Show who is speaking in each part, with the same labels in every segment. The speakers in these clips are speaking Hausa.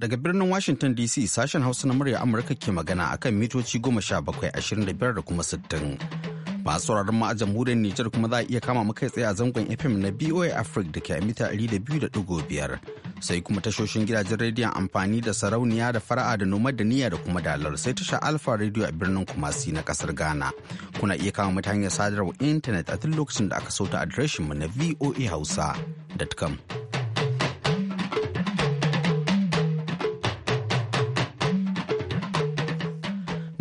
Speaker 1: Daga birnin Washington DC sashen Hausa na murya Amurka ke magana akan mitoci goma sha bakwai ashirin da biyar da kuma sittin. Masu sauraron ma a jamhuriyar Nijar kuma za a iya kama kai tsaye a zangon FM na BOA Africa da ke a mita 200.5. biyu da digo biyar. Sai kuma tashoshin gidajen rediyon amfani da sarauniya da fara'a da noma da niyya da kuma dalar sai tasha Alfa Radio a birnin Kumasi na kasar Ghana. Kuna iya kama mata hanyar sadarwar intanet a tun lokacin da aka sauta mu na voahausa.com.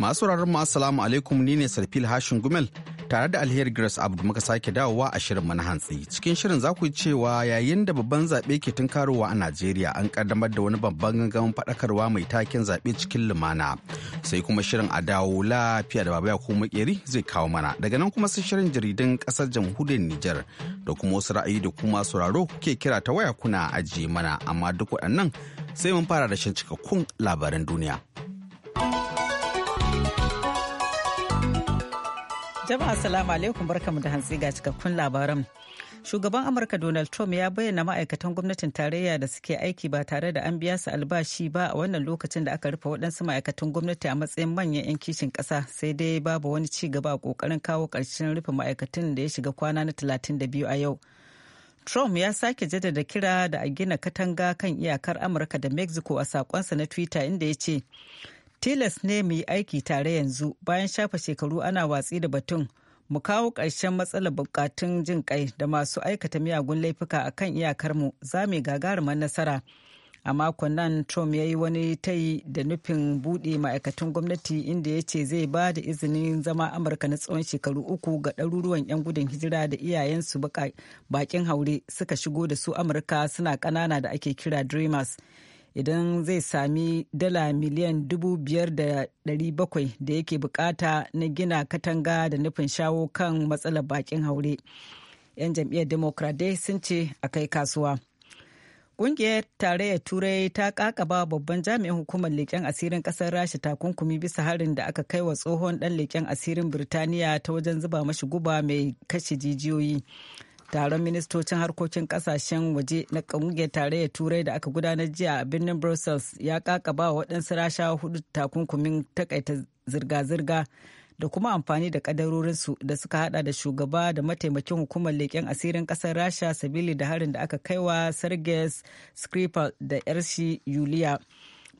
Speaker 1: Masu sauraron mu assalamu alaikum ni ne Sarfil Hashin Gumel tare da Alheri Grace Abdu muka sake dawowa a shirin mana hantsi. Cikin shirin za ku yi cewa yayin da babban zaɓe ke tunkarowa a Najeriya an kaddamar da wani babban gangamin faɗakarwa mai taken zaɓe cikin lumana. Sai kuma shirin a dawo lafiya da babaya ko makeri zai kawo mana. Daga nan kuma sai shirin jaridun ƙasar jamhuriyar Nijar da kuma wasu ra'ayi da kuma sauraro kuke kira ta waya kuna ajiye mana amma duk waɗannan sai mun fara da cikakkun labaran duniya.
Speaker 2: Jama'a salamu alaikum barkamu da hantsi ga cikakkun labaran. Shugaban Amurka Donald Trump ya bayyana ma'aikatan gwamnatin tarayya da suke aiki ba tare da an biya su albashi ba a wannan lokacin da aka rufe waɗansu ma'aikatan gwamnati a matsayin manyan 'yan kishin ƙasa sai dai babu wani ci gaba a ƙoƙarin kawo ƙarshen rufe ma'aikatan da ya shiga kwana na 32 a yau. Trump ya sake jaddada kira da a gina katanga kan iyakar Amurka da Mexico a sakonsa na Twitter inda ya ce, tilas ne mu yi aiki tare yanzu bayan shafa shekaru ana watsi da batun mu kawo ƙarshen matsalar bukatun jin kai da masu aikata miyagun laifuka a kan iyakarmu za mu gagarumar nasara a makon nan trump ya yi wani tayi da nufin buɗe ma'aikatan gwamnati inda ya ce zai ba da izinin zama amurka na tsawon shekaru uku ga ɗaruruwan 'yan gudun hijira da iyayensu bakin haure suka shigo da su amurka suna ƙanana da ake kira dreamers idan zai sami dala miliyan dubu biyar da dari bakwai da yake bukata na gina katanga da nufin shawo kan matsalar bakin haure. 'Yan jam'iyyar Democrat sun ce a kai kasuwa. Ƙungiyar Tarayyar Turai ta kakaba babban jami'in hukumar leƙen asirin ƙasar Rasha takunkumi bisa harin da aka kai wa tsohon ɗan leƙen asirin Birtaniya ta wajen zuba mashi guba mai kashe jijiyoyi. taron ministocin harkokin kasashen waje na kungiyar tarayyar turai da aka gudanar jiya a birnin brussels ya kakaba waɗansu rasha hudu takunkumin takaita zirga-zirga da kuma amfani da kadarorinsu da suka hada da shugaba da mataimakin hukumar leƙen asirin ƙasar rasha sabili da harin da aka kaiwa sergei skripal da yarshi yuliya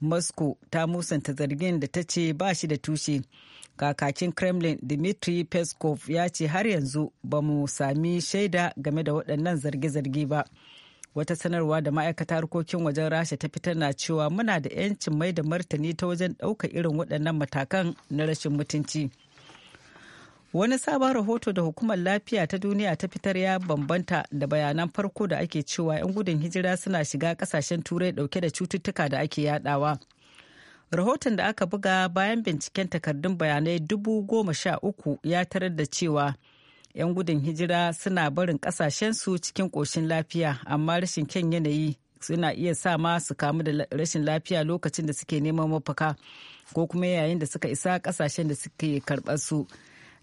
Speaker 2: moscow ta musanta zargin da ta ce ba shi da tushe kakakin kremlin dmitry peskov ya ce har yanzu ba mu sami shaida game da waɗannan zarge-zarge ba wata sanarwa da ma'aikata harkokin wajen rasha ta fitar na cewa muna da 'yancin mai da martani ta wajen ɗauka irin waɗannan matakan na rashin mutunci wani sabon rahoto da hukumar lafiya ta duniya ta fitar ya bambanta da bayanan farko da ake cewa 'yan gudun hijira suna shiga kasashen turai dauke da cututtuka da ake yadawa rahoton da aka buga bayan binciken takardun bayanai dubu goma sha uku ya tarar da cewa 'yan gudun hijira suna barin su cikin ƙoshin lafiya amma rashin kyan yanayi suna iya sa ma su kamu da rashin lafiya lokacin da suke neman mafaka ko kuma yayin da suka isa kasashen da suke karɓar su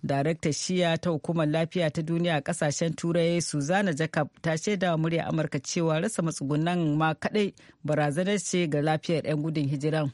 Speaker 2: daraktar shiya ta hukumar lafiya ta duniya kasashen turai suzana jacob ta shaida wa murya amurka cewa rasa matsugunan ma kadai barazanar ce ga lafiyar 'yan gudun hijiran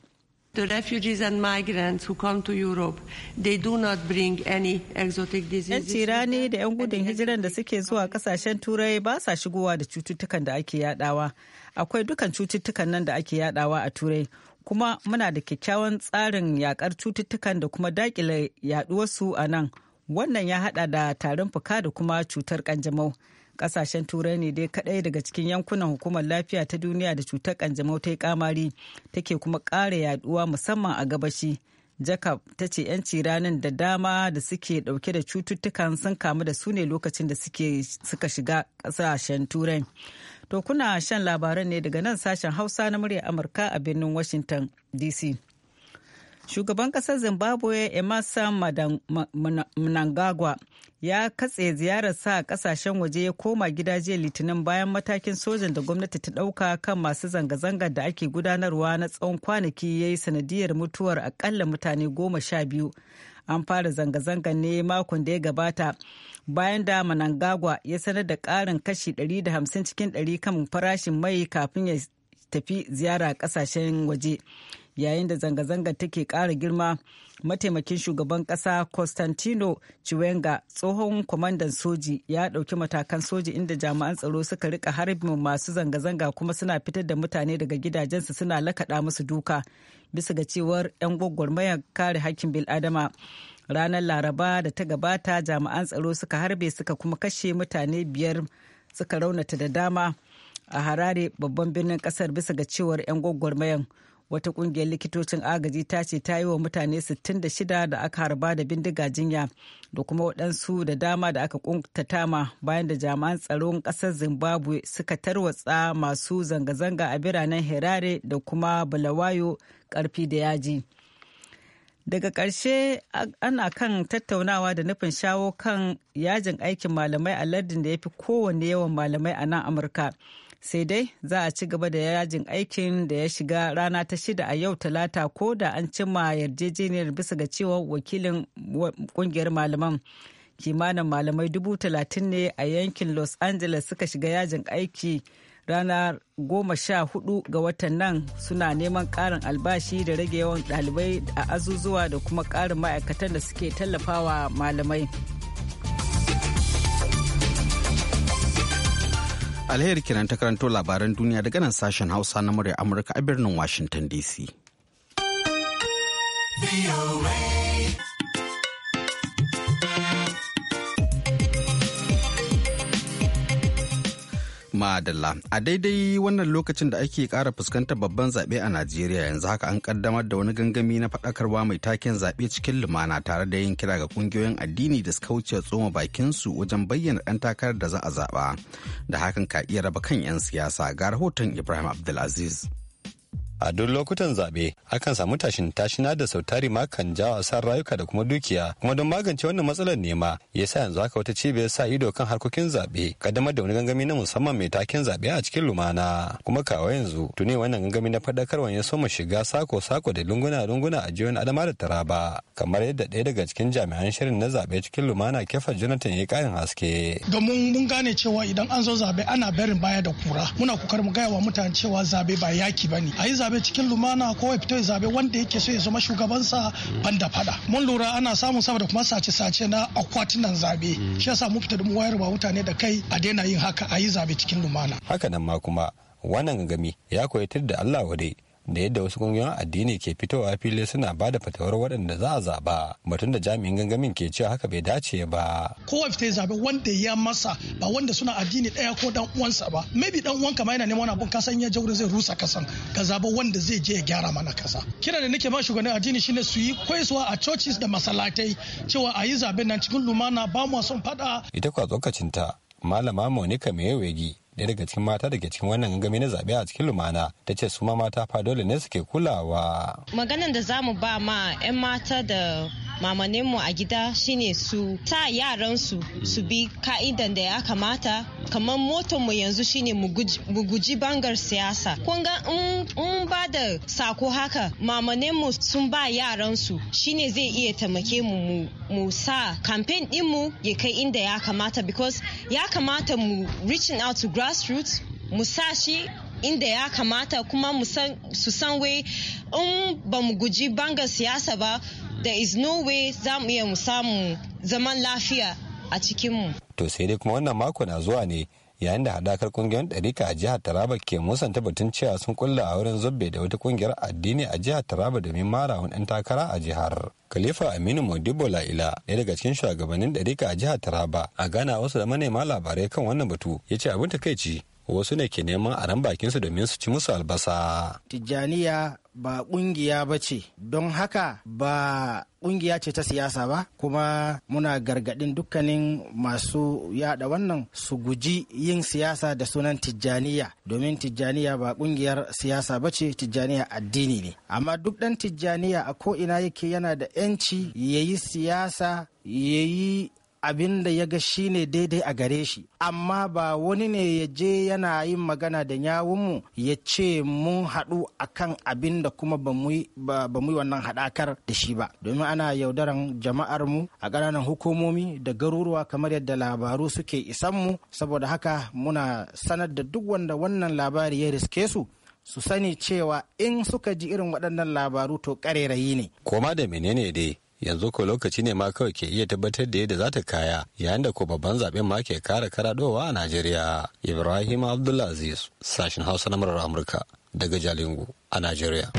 Speaker 2: The refugees and migrants who to Europe, they do not bring any exotic diseases. da 'yan gudun hijiran da suke zuwa kasashen turai ba sa shigowa da cututtukan da ake yadawa. Akwai dukan cututtukan nan da ake yadawa a turai. Kuma muna da kyakkyawan tsarin yakar cututtukan da kuma dakile yaduwarsu a nan. Wannan ya hada da tarin fuka da kuma cutar kanjamau. kasashen turai ne dai kadai daga cikin yankunan hukumar lafiya ta duniya da cutar kanjamau ta yi kamari take kuma ƙara yaduwa musamman a gabashi jacob ta ce 'yanci ranar da dama da suke dauke da cututtukan sun kamu da su ne lokacin da suka shiga kasashen turai to kuna shan labaran ne daga nan sashen hausa na murya amurka a birnin washington dc shugaban kasar zimbabwe emerson mnangagwa ya katse ziyarar sa kasashen waje ya koma gida jiya litinin bayan matakin sojan da gwamnati ta dauka kan masu zanga-zangar da ake gudanarwa na tsawon kwanaki ya yi sanadiyar mutuwar akalla mutane goma sha biyu an fara zanga-zangar ne makon da ya gabata bayan da manangagwa ya sanar da ƙarin kashi 150 cikin 100 kan farashin mai kafin ya tafi ziyara kasashen waje yayin da zanga-zangar take kara girma mataimakin shugaban ƙasa constantino chiwenga tsohon kwamandan soji ya ɗauki matakan soji inda jami'an tsaro suka rika harbin masu zanga-zanga kuma suna fitar da mutane daga gidajensu suna lakaɗa musu duka bisa ga cewar 'yan gwagwarmayar kare hakkin bil'adama ranar laraba da ta gabata jami'an tsaro suka harbe suka kuma kashe mutane biyar suka raunata da dama a harare babban birnin kasar bisa ga cewar 'yan gwagwarmayar wata kungiyar likitocin agaji ta ce ta yi wa mutane 66 da aka harba da bindiga jinya da kuma waɗansu da dama da aka ƙuntatama bayan da jami'an tsaron ƙasar zimbabwe suka tarwatsa masu zanga-zanga a biranen herare da kuma balawayo ƙarfi da yaji. daga ƙarshe ana kan tattaunawa da nufin shawo kan yajin aikin malamai a lardin da ya fi kowanne yawan malamai a nan amurka sai dai za a ci gaba da yajin aikin da ya shiga rana ta shida a yau talata ko da an cimma yarjejeniyar bisa ga cewa wakilin kungiyar malaman kimanin malamai dubu talatin ne a yankin los angeles suka shiga yajin aiki ranar goma sha hudu ga watan nan suna neman karin albashi da rage yawan dalibai a azuzuwa da kuma karin ma'aikatan da suke tallafawa malamai.
Speaker 1: Alheri kenan ta karanto labaran duniya daga nan sashen Hausa na murya Amurka a birnin Washington DC. Adalla. A daidai wannan lokacin da ake ƙara fuskantar babban zaɓe a Najeriya yanzu haka an ƙaddamar da wani gangami na faɗakarwa mai taken zaɓe cikin lumana tare da yin kira ga ƙungiyoyin addini da suka wuce tsoma bakinsu wajen bayyana ɗan takarar da za a zaɓa. Da hakan ka iya raba kan 'yan siyasa ga rahoton Ibrahim Abdulaziz. a duk lokutan zaɓe akan samu tashin tashina da sautari ma kan jawo asar rayuka
Speaker 3: da kuma dukiya kuma don magance wannan matsalar nema ya sa yanzu aka wata cibiyar sa ido kan harkokin zaɓe kaddamar da wani gangami na musamman mai taken zaɓe a cikin lumana kuma kawo yanzu tuni wannan gangami na faɗakarwa ya soma shiga sako sako da lunguna lunguna a jiyoyin adama da taraba kamar yadda ɗaya daga cikin jami'an shirin na zaɓe cikin lumana kefa jonathan ya ƙarin haske.
Speaker 1: domin mun gane cewa idan an zo zaɓe ana barin baya da kura muna kokarin mu gaya wa mutane cewa zaɓe ba yaki ba ne a yi zabe cikin lumana ko ya fito ya zabe wanda yake so ya zama shugabansa ban da fada mun lura ana samun saboda kuma sace-sace na akwatunan zaɓe mm. shi yasa mu fita da wayar ba mutane da kai a daina yin haka a yi zabe cikin lumana
Speaker 3: haka nan ma kuma wannan gangami ya koyatar da Allah wadai da yadda wasu kungiyoyin addini ke fitowa fili suna ba da fatawar waɗanda za a zaɓa batun da jami'in gangamin ke cewa haka bai dace ba.
Speaker 1: kowa fita ya zaɓi wanda ya masa ba wanda suna addini ɗaya ko dan uwansa ba maybe dan uwan kama yana neman abun kasan ya jaure zai rusa kasan ka zaɓa wanda zai je ya gyara mana kasa. kira da nake ma shugaban addini shine su yi kwaisuwa a churches da masalatai cewa a yi zaɓen nan cikin lumana ba mu son faɗa.
Speaker 3: ita kwa tsokacinta malama monica mewegi ɗaya daga cikin mata da ke cikin wannan gangami na zaɓe a cikin lumana ta ce su ma mata fa dole ne suke kulawa.
Speaker 2: maganan da za mu ba ma 'yan mata da mu a gida shine su ta yaransu su bi ka'idan da ya kamata kamar motar mu yanzu shine mu guji bangar siyasa kun ga in ba da sako haka mamanen mu sun ba yaran su shine zai iya taimake mu mu sa campaign din mu ya kai inda ya kamata because ya kamata mu reaching out to grassroots mu sa shi inda ya kamata kuma su san wai in ba mu guji bangar siyasa ba there is no way za mu iya mu samu zaman lafiya a cikinmu.
Speaker 3: to sai dai kuma wannan mako na zuwa ne yayin da hadakar kungiyoyin ɗarika a jihar taraba ke musanta batun cewa sun kulla a wurin zobe da wata kungiyar addini a jihar taraba domin mara wani ɗan takara a jihar khalifa aminu modibo la'ila ɗaya daga cikin shugabannin ɗarika a jihar taraba a gana wasu da manema labarai kan wannan batu ya ce abin takaici wasu ne ke neman a ran bakinsu domin su ci musu albasa.
Speaker 1: Tijjaniya ba kungiya ba ce don haka ba kungiya ce ta siyasa ba kuma muna gargadin dukkanin masu yada wannan su guji yin siyasa da sunan tijjaniya domin tijjaniya ba kungiyar siyasa ba ce tijjaniya addini ne amma duk dan tijjaniya a ko'ina yake yana da 'yanci ya yi siyasa ya yi abin da ya ga shi ne daidai a gare shi amma ba wani ne ya je yana yin magana da yawunmu ya ce mun haɗu akan abin da kuma ba mu yi wannan haɗakar da shi ba domin ana yaudaran jama'ar mu a ƙananan hukumomi da garuruwa kamar yadda labaru suke isan mu saboda haka muna sanar da duk wanda wannan labari ya riske su su sani cewa in suka ji irin waɗannan labaru to ƙarerayi ne
Speaker 3: koma da menene dai yanzu ko lokaci ne ma kawai ke iya tabbatar da yadda za ta kaya yayin da ko babban zaben ma ke kara karadowa a Najeriya. Ibrahim Abdulaziz sashen Hausa na murar Amurka daga Jalingo a Najeriya.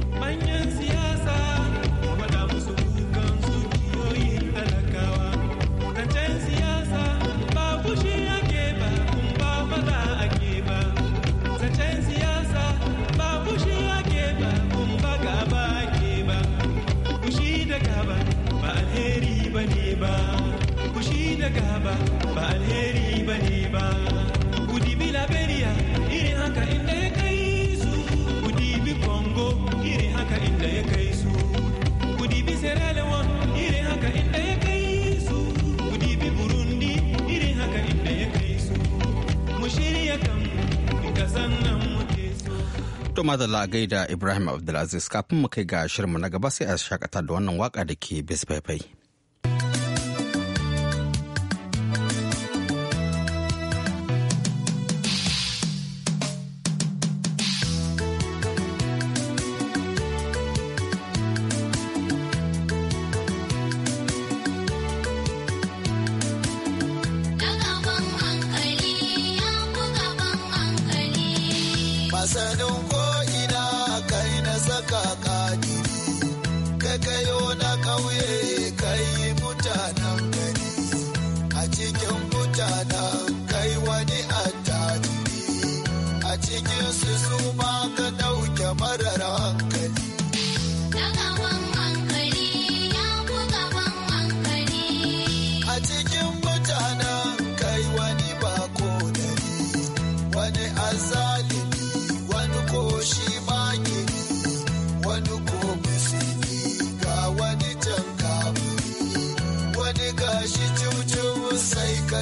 Speaker 1: To gai gaida Ibrahim Abdulaziz kafin mu kai ga mu na gaba sai a shakata da wannan waka da ke bisfaifai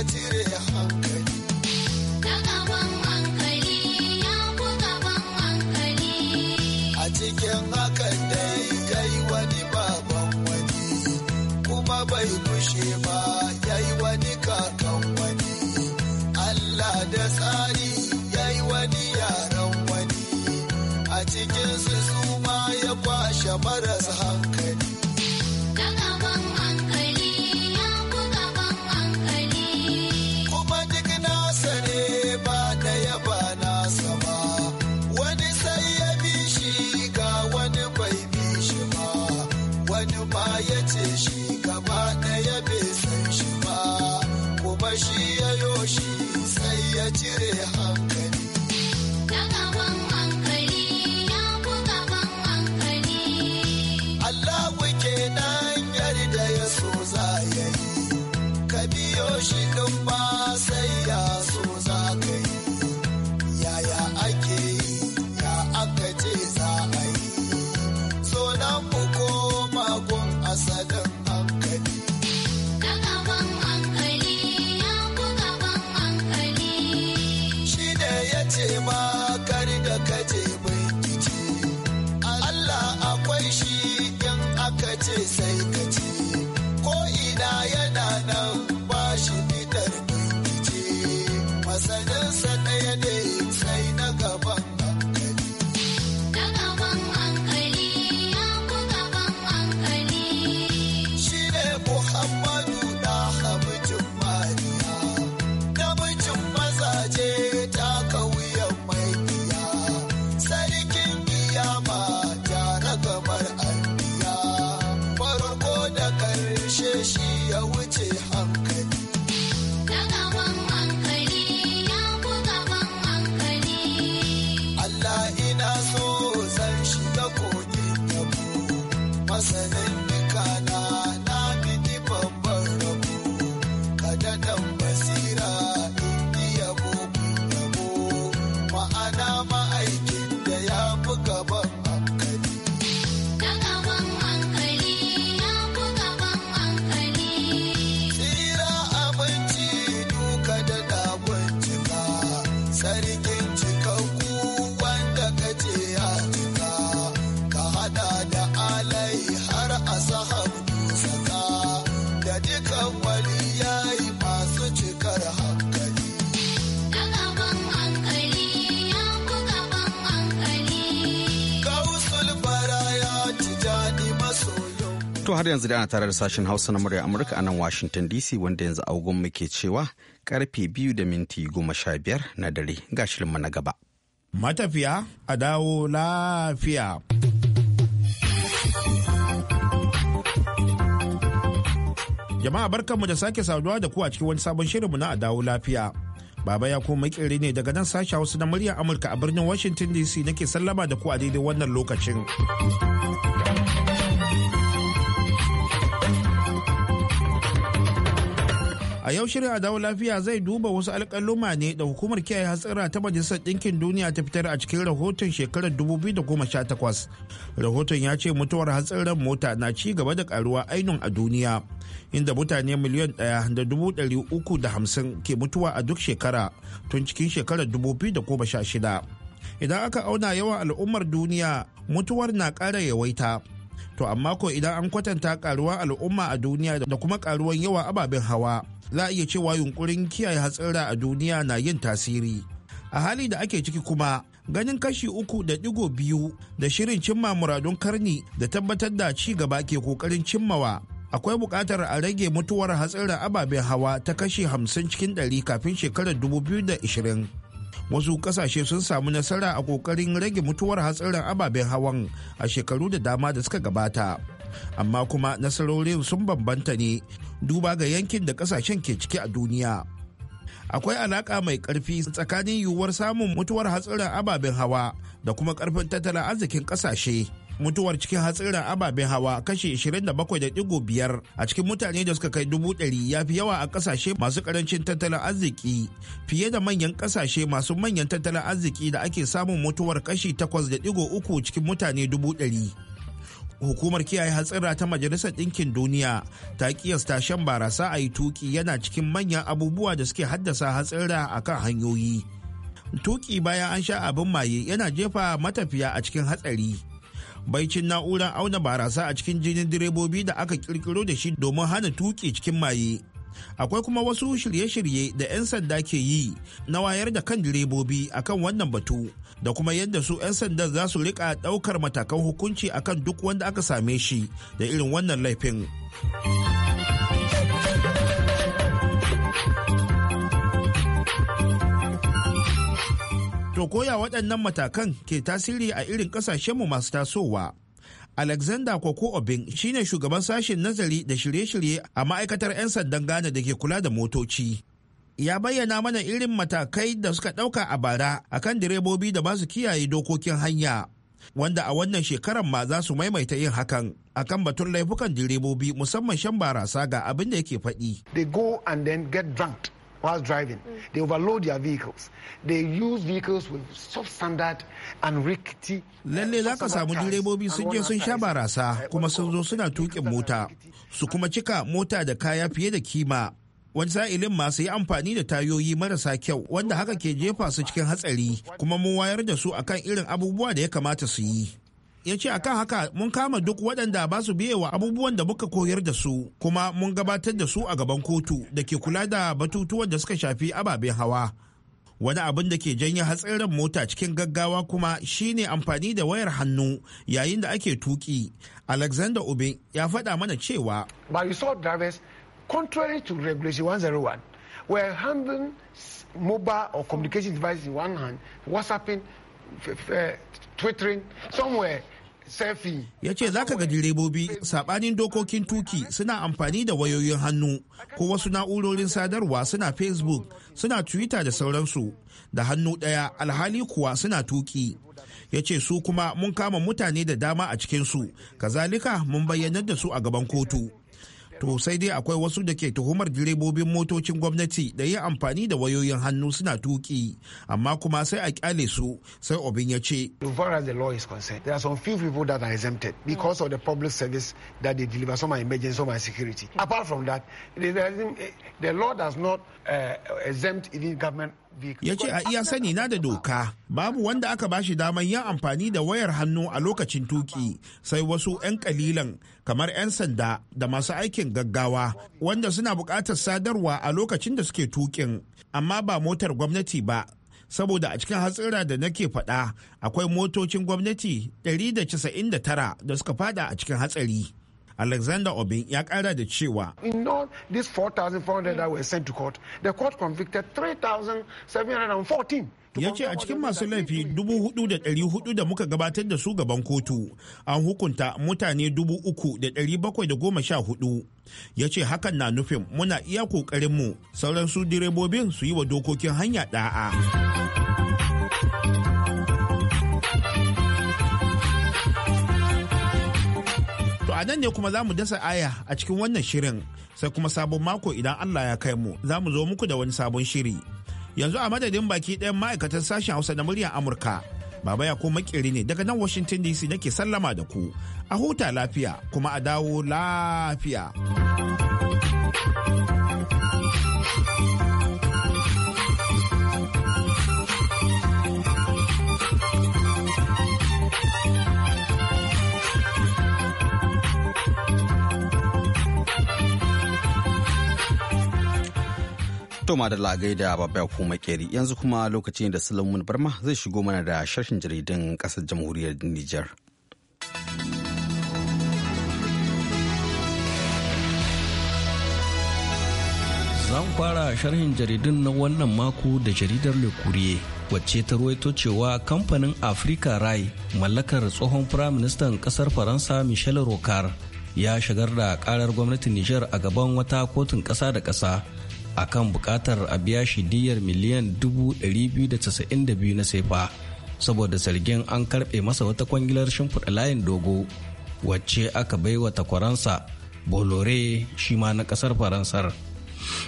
Speaker 4: tire hankali
Speaker 1: To har yanzu da ana tare da sashen Hausa na murya Amurka a nan Washington DC wanda yanzu agogon muke cewa karfe biyu da minti goma sha biyar na dare ga shirinmu na gaba.
Speaker 5: Matafiya a dawo lafiya. Jama'a barkanmu da sake saduwa da ku a cikin wani sabon shirinmu na a dawo lafiya. Baba ya kuma makere ne daga nan sashen Hausa na murya Amurka a birnin Washington DC nake sallama da ku a daidai wannan lokacin. A yau shirin dawo lafiya zai duba wasu alƙaluma ne da hukumar kiyaye hatsara ta Majalisar Ɗinkin Duniya ta fitar a cikin rahoton shekarar 2018. Rahoton ya ce mutuwar hatsarin mota na ci gaba da karuwa ainun a duniya, inda mutane miliyan ɗaya da dubu ɗari uku da hamsin ke mutuwa a duk shekara tun cikin shekarar 2016. Idan aka auna yawan al'ummar duniya, mutuwar na ƙara yawaita. To amma ko idan an kwatanta karuwar al'umma a duniya da kuma karuwar yawan ababen hawa, za a iya cewa yunkurin kiyaye hatsara a duniya na yin tasiri a hali da ake ciki kuma ganin kashi uku da digo biyu da shirin cimma muradun karni da tabbatar da ci gaba ke kokarin cimmawa akwai buƙatar a rage mutuwar hatsarin ababen hawa ta kashi hamsin cikin ɗari kafin shekarar da 2020 wasu ƙasashe sun samu nasara a ƙoƙarin rage mutuwar hatsarin ababen hawan a shekaru da dama da suka gabata amma kuma nasarorin sun bambanta ne duba ga yankin da kasashen ke ciki a duniya akwai alaka mai karfi tsakanin yiwuwar samun mutuwar hatsarin ababen hawa da kuma karfin tattalin arzikin kasashe mutuwar cikin hatsarin ababen hawa kashi 27.5 a cikin mutane da suka kai dubu ɗari ya fi yawa a ƙasashe masu karancin tattalin arziki fiye da manyan ƙasashe masu manyan tattalin arziki da ake samun mutuwar kashi 8.3 cikin mutane dubu ɗari. hukumar kiyaye hatsira ta majalisar ɗinkin duniya ta kiyasta shan barasa a yi tuki yana cikin manyan abubuwa da suke haddasa hatsira a kan hanyoyi tuki bayan an sha abin maye yana jefa matafiya a cikin hatsari baicin na'urar auna barasa a cikin jinin direbobi da aka kirkiro da shi domin hana tuki cikin maye akwai kuma wasu shirye-shirye da 'yan sanda ke yi na wayar da kan direbobi akan wannan batu da kuma yadda su 'yan sandan za su rika daukar matakan hukunci akan duk wanda aka same shi da irin wannan laifin. To koya waɗannan matakan ke tasiri a irin ƙasashenmu masu tasowa. Alexander Koko Obin shine shugaban sashen nazari da shirye-shirye a ma'aikatar 'yan sandan Ghana da ke kula da motoci. ya bayyana mana irin matakai da suka ɗauka a bara a kan direbobi da ba su kiyaye dokokin hanya wanda a wannan shekaran ma za su maimaita yin hakan a kan batun laifukan direbobi musamman shan barasa ga abin da yake faɗi. They go and then get drunk while driving. Mm. They overload their vehicles. They use vehicles with substandard and rickety. Uh, Lalle za ka samu direbobi sun je sun sha barasa kuma sun zo suna tukin mota su kuma cika mota da kaya fiye da kima wani sa'ilin masu yi amfani da tayoyi marasa kyau wanda haka ke jefa su cikin hatsari kuma mun wayar da su akan irin abubuwa da ya kamata su yi ya ce akan haka mun kama duk waɗanda ba su biyewa abubuwan da muka koyar da su kuma mun gabatar da su a gaban kotu da ke kula da batutuwan da suka shafi ababen hawa wani abin da ke janye hatsarin mota cikin gaggawa kuma shine amfani da wayar hannu yayin da ake tuki alexander obin ya faɗa mana cewa contrary to Regulation 101, we're handling mobile or communication devices in one hand, WhatsApping, eh, Twittering, somewhere ya ce za ka ga direbobi Saɓanin dokokin tuki suna amfani da wayoyin hannu ko wasu na'urorin sadarwa suna facebook suna twitter da sauransu da hannu ɗaya alhali kuwa suna tuki ya ce su kuma mun kama mutane da dama a cikinsu kazalika mun bayyanar da su a gaban kotu to sai dai akwai wasu da ke tuhumar direbobin motocin gwamnati da yin amfani da wayoyin hannu suna tuki amma kuma sai a kyale su sai obin ya ce as far as the law is concerned there are some few people that are exempted because of the public service that they deliver some are emergency security apart from that the, eh, the law does not uh, exempt even government ya ce a iya sani na da doka babu wanda aka bashi daman yin amfani da wayar hannu a lokacin tuki sai wasu 'yan kalilan kamar 'yan sanda da masu aikin gaggawa wanda suna buƙatar sadarwa a lokacin da suke tukin amma ba motar gwamnati ba saboda a cikin hatsira da nake faɗa akwai motocin gwamnati 199 da suka fada a cikin hatsari. Alexander Obin ya kara da cewa. In all this 4,400 that were sent to court, the court convicted 3,714. ya ce a cikin masu laifi dubu da muka gabatar da su gaban kotu an hukunta mutane dubu uku da bakwai da goma sha hudu ya ce hakan na nufin muna iya kokarinmu sauran su direbobin su yi wa dokokin hanya da'a. a nan ne kuma za mu dasa aya a cikin wannan shirin sai kuma sabon mako idan allah ya kai mu za mu zo muku da wani sabon shiri yanzu a madadin baki ɗayan ma'aikatan sashen hausa da muryar amurka baba ya ko makiri ne daga nan washington dc nake sallama da ku a huta lafiya kuma a dawo lafiya.
Speaker 1: To ma da lagai kuma makeri yanzu kuma lokacin da Sulaimun Barma zai shigo mana da sharshin jaridun kasar jamhuriyar niger.
Speaker 6: Zan fara sharhin jaridun na wannan mako da jaridar Le wacce ta ruwaito cewa kamfanin Africa Rai mallakar tsohon firaministan kasar Faransa Michel Rocard ya shigar da karar gwamnatin niger a gaban wata kotun kasa da kasa a kan bukatar a biya shi diyar miliyan 292 na sefa saboda zargin an karbe masa wata kwangilar shimfiɗa layin dogo wacce aka baiwa takwaransa bolore shi ma na ƙasar faransar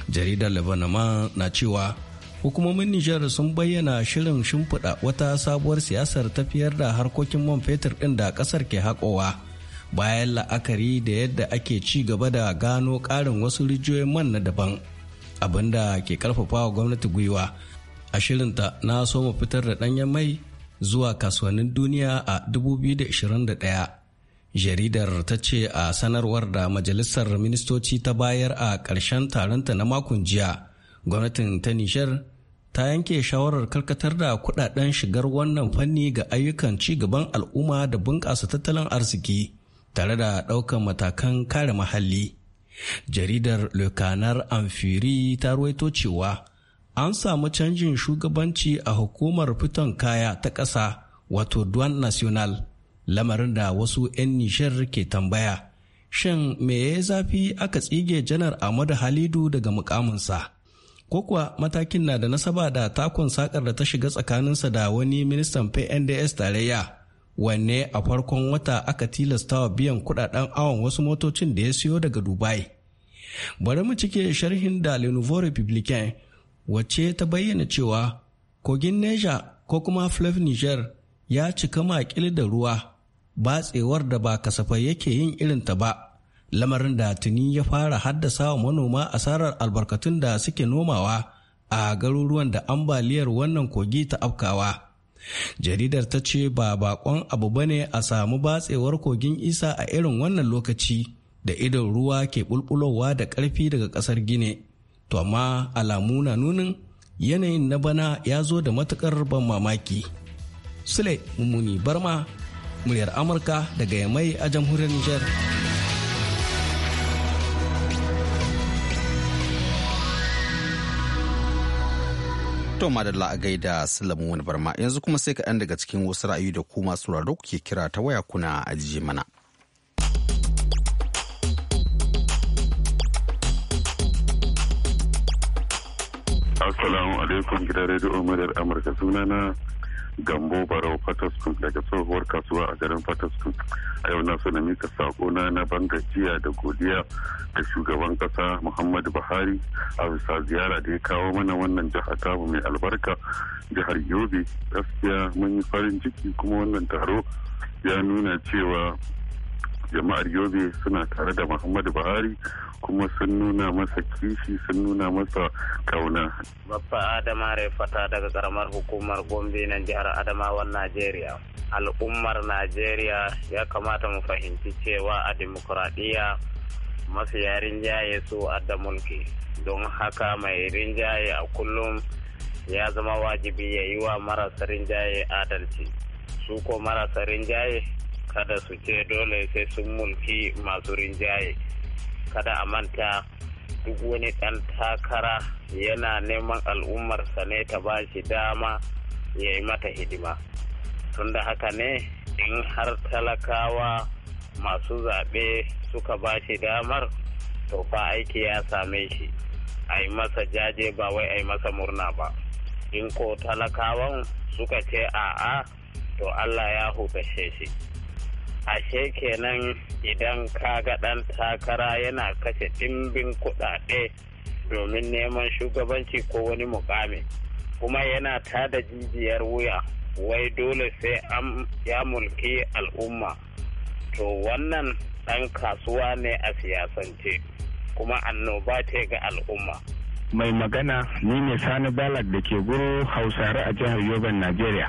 Speaker 6: jaridar labanama na cewa hukumomin nijar sun bayyana shirin shimfiɗa wata sabuwar siyasar tafiyar da harkokin man fetur ɗin da ƙasar ke haƙowa bayan la'akari da yadda ake ci gaba da gano ƙarin wasu rijiyoyin man na daban abinda ke karfafa wa gwamnati gwiwa a shirinta na so mu fitar da danyen mai zuwa kasuwannin duniya a 2021 jaridar ta ce a sanarwar da majalisar ministoci ta bayar a ƙarshen taronta na makon jiya gwamnatin ta nishar ta yanke shawarar karkatar da kudaden shigar wannan fanni ga ayyukan ci gaban al'umma da bunƙasa tattalin arziki tare da ɗaukan matakan kare muhalli jaridar lukanar amfiri ta ruwaito cewa an samu canjin shugabanci a hukumar fiton kaya ta ƙasa wato duan national lamarin da wasu 'yan nishar ke tambaya shin me ya zafi aka tsige janar amadu halidu daga mukaminsa ko kuwa matakin na da nasaba da takon sakar da ta shiga tsakaninsa da wani ministan pnds tarayya wanne a farkon wata aka tilasta wa biyan kudaden awon wasu motocin da ya siyo daga dubai bari mu cike sharhin da le nouveau republicain wacce ta bayyana cewa kogin neja ko kuma flav niger ya cika makil da ruwa batsewar da ba kasafai yake yin irin ta ba lamarin da tuni ya fara haddasa wa manoma asarar albarkatun da suke nomawa a garuruwan da ambaliyar wannan kogi ta afkawa jaridar ta ce ba bakon abu bane a samu batsewar kogin isa a irin wannan lokaci da idon ruwa ke bulbulowa da ƙarfi daga ƙasar gine to amma alamu na nunin yanayin na bana ya zo da matukar ban mamaki sule mummuni barma muryar amurka daga yamai a jamhuriyar nijar To madalla
Speaker 1: a gaida Sulamu wani barma yanzu kuma sai kaɗan daga cikin wasu ra'ayi da ku masu raro kuke kira ta waya kuna ajiye mana.
Speaker 7: Assalamu alaikum gidan Radio Muryar Amurka sunana gambo barau fataskun daga tsohuwar kasuwa a garin fataskun a yau na na mika sako na na bangajiya da godiya da shugaban kasa muhammadu buhari a bisa ziyara da ya kawo mana wannan jihar tamu mai albarka jihar yobe gaskiya mun yi farin ciki kuma wannan taro ya nuna cewa jama'ar yobe suna tare da muhammadu buhari kuma sun nuna masa kishi sun nuna masa kauna
Speaker 8: babba adama fata daga karamar hukumar gombe na jihar adamawan najeriya al'ummar najeriya ya kamata mu fahimci cewa a dimokuraɗiyya masu yarin su su da mulki don haka mai rinjaye a kullum ya zama wajibi ya yi wa marasa rinjaye adalci su ko marasa rinjaye kada su ce dole sai sun mulki masu rinjaye kada a manta duk wani ɗan takara yana neman al'ummarsa ne ta ba shi dama ya yi mata hidima tunda haka ne in har talakawa masu zaɓe suka ba shi damar to fa aiki ya same shi a yi masa jaje ba wai a yi masa murna ba in ko talakawan suka ce a'a to allah ya hutashe shi ashe kenan idan ka ga ɗan takara yana kashe ɗimbin kuɗaɗe domin neman shugabanci ko wani mukami kuma yana tada jijiyar wuya wai dole sai an ya mulki al'umma to wannan ɗan kasuwa ne a siyasance kuma annoba ce ga al'umma
Speaker 7: mai magana ni ne sani balak da ke guru hausare a jihar yoban najeriya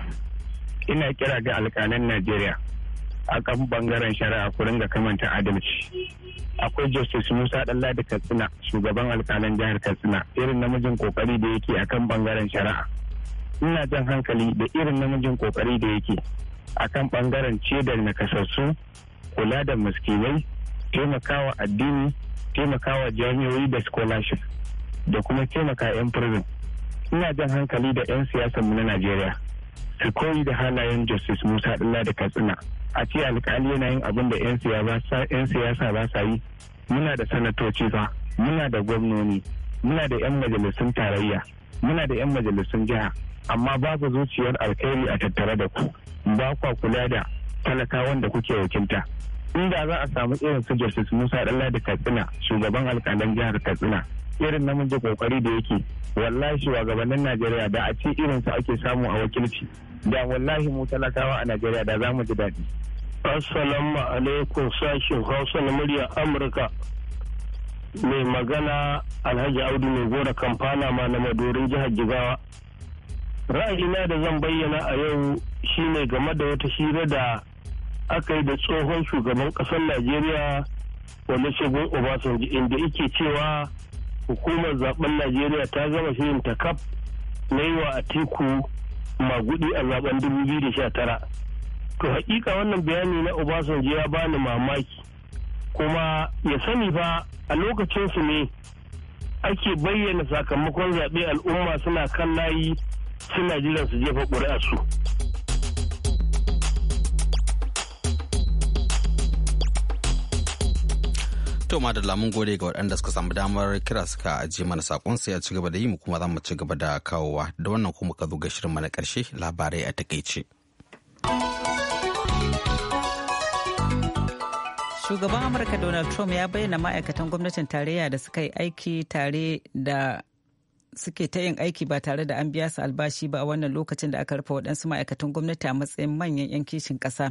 Speaker 7: ina kira ga alƙalan najeriya a kan bangaren shari'a ku ringa kamanta adalci akwai justice musa dalla da katsina shugaban alkalan jihar katsina irin namijin kokari da yake akan bangaren shari'a ina jan hankali da irin namijin kokari da yake akan bangaren cedar nakasassu kula da muskinai taimakawa addini taimakawa jami'oi da scholarship da kuma taimaka 'yan prison ina jan hankali da 'yan siyasar na najeriya ta koyi da halayen justice musa dalla da katsina a ce alkali yana yin abin da 'yan siyasa ba sa yi muna da sanatoci ba muna da gwamnoni muna da 'yan majalisun tarayya muna da 'yan majalisun jiha amma babu zuciyar alkali a tattare da ku ba kwa kula da talakawan da kuke wakilta inda za a samu irin su justice musa dalla da katsina shugaban alkalan jihar katsina irin namiji kokari da yake wallahi gabanin najeriya da a ce su ake samu a wakilci da wallahi mu talakawa a najeriya da za mu ji daɗi assalamu alaikum sashin hausa na murya amurka mai magana alhaji audu mai gora kamfana ma na madorin jihar jigawa ra'ayina da zan bayyana a yau shine game da wata hira da aka yi da tsohon shugaban ƙasar najeriya wanda shagun obasanjo inda yake cewa hukumar zaben najeriya ta gama shirin ta kaf na yi wa atiku magudi a zaben 2019 to haƙiƙa wannan bayani na obasanjo ya bani mamaki kuma ya sani fa a lokacinsu ne ake bayyana sakamakon zaɓe al'umma suna kan layi suna jiran su jefa ƙuri'arsu. su
Speaker 1: To ma da lamun gode ga waɗanda suka samu damar kira suka ajiye mana sakon sai a ci gaba da yi mu kuma za mu ci gaba da kawowa da wannan kuma ka zo ga shirin mana ƙarshe labarai a takaice.
Speaker 2: Shugaban Amurka Donald Trump ya bayyana ma'aikatan gwamnatin tarayya da suka yi aiki tare da suke ta yin aiki ba tare da an biya su albashi ba a wannan lokacin da aka rufe waɗansu ma'aikatan gwamnati a matsayin manyan 'yan kishin ƙasa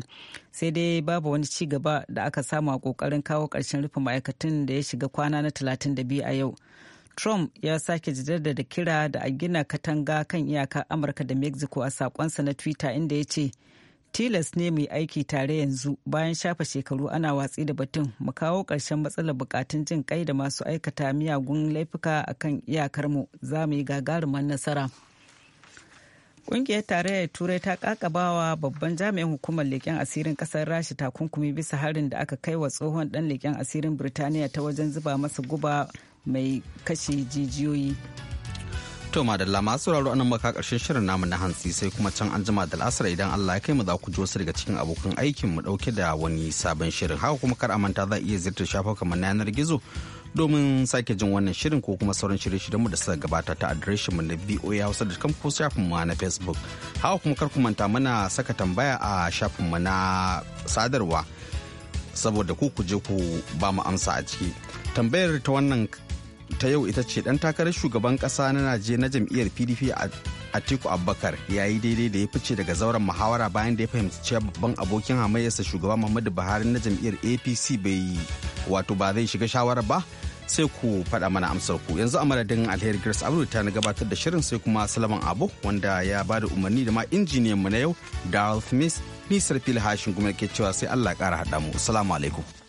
Speaker 2: sai dai babu wani ci gaba da aka samu a ƙoƙarin kawo ƙarshen rufe ma'aikatan da ya shiga kwana na 32 a yau trump ya sake jaddada kira da a gina katanga kan iyakar amurka da mexico a sakonsa na twitter inda ya ce tilas ne mai aiki tare yanzu bayan shafa shekaru ana watsi da batun mu kawo ƙarshen matsalar bukatun jin kai da masu aikata miyagun laifuka a kan iyakarmu za mu yi gagarumar nasara ƙungiyar tarayyar turai ta ƙaƙabawa babban jami'in hukumar leƙen asirin ƙasar rashi takunkumi bisa harin da aka kai wa tsohon ɗan leƙen asirin birtaniya ta wajen zuba masa guba mai kashe jijiyoyi
Speaker 1: To madalla masu sauraro anan maka karshen shirin namu na hantsi sai kuma can an jima da lasara idan Allah ya kai mu za ku ji wasu daga cikin abokan aikin mu dauke da wani sabon shirin. Haka kuma kar manta za iya ziyartar shafukan kamar na yanar gizo domin sake jin wannan shirin ko kuma sauran shirye-shiryen mu da suka gabata ta adireshin mu na voahausa.com ko shafin mu na Facebook. Haka kuma kar ku manta muna saka tambaya a shafin mu na sadarwa saboda ku ku je ku ba mu amsa a ciki. Tambayar ta wannan ta yau ita ce ɗan takarar shugaban ƙasa na Najeriya na jam'iyyar PDP Atiku Abubakar ya yi daidai da ya fice daga zauren muhawara bayan da ya fahimci cewa babban abokin hamayyarsa shugaban Muhammadu Buhari na jam'iyyar APC bai wato ba zai shiga shawarar ba sai ku faɗa mana amsar ku yanzu a madadin alheri grace abdul ta gabatar da shirin sai kuma salaman abu wanda ya ba da umarni da ma injiniyan mu na yau da smith nisar fil hashin kuma ke cewa sai allah kara haɗa mu assalamu alaikum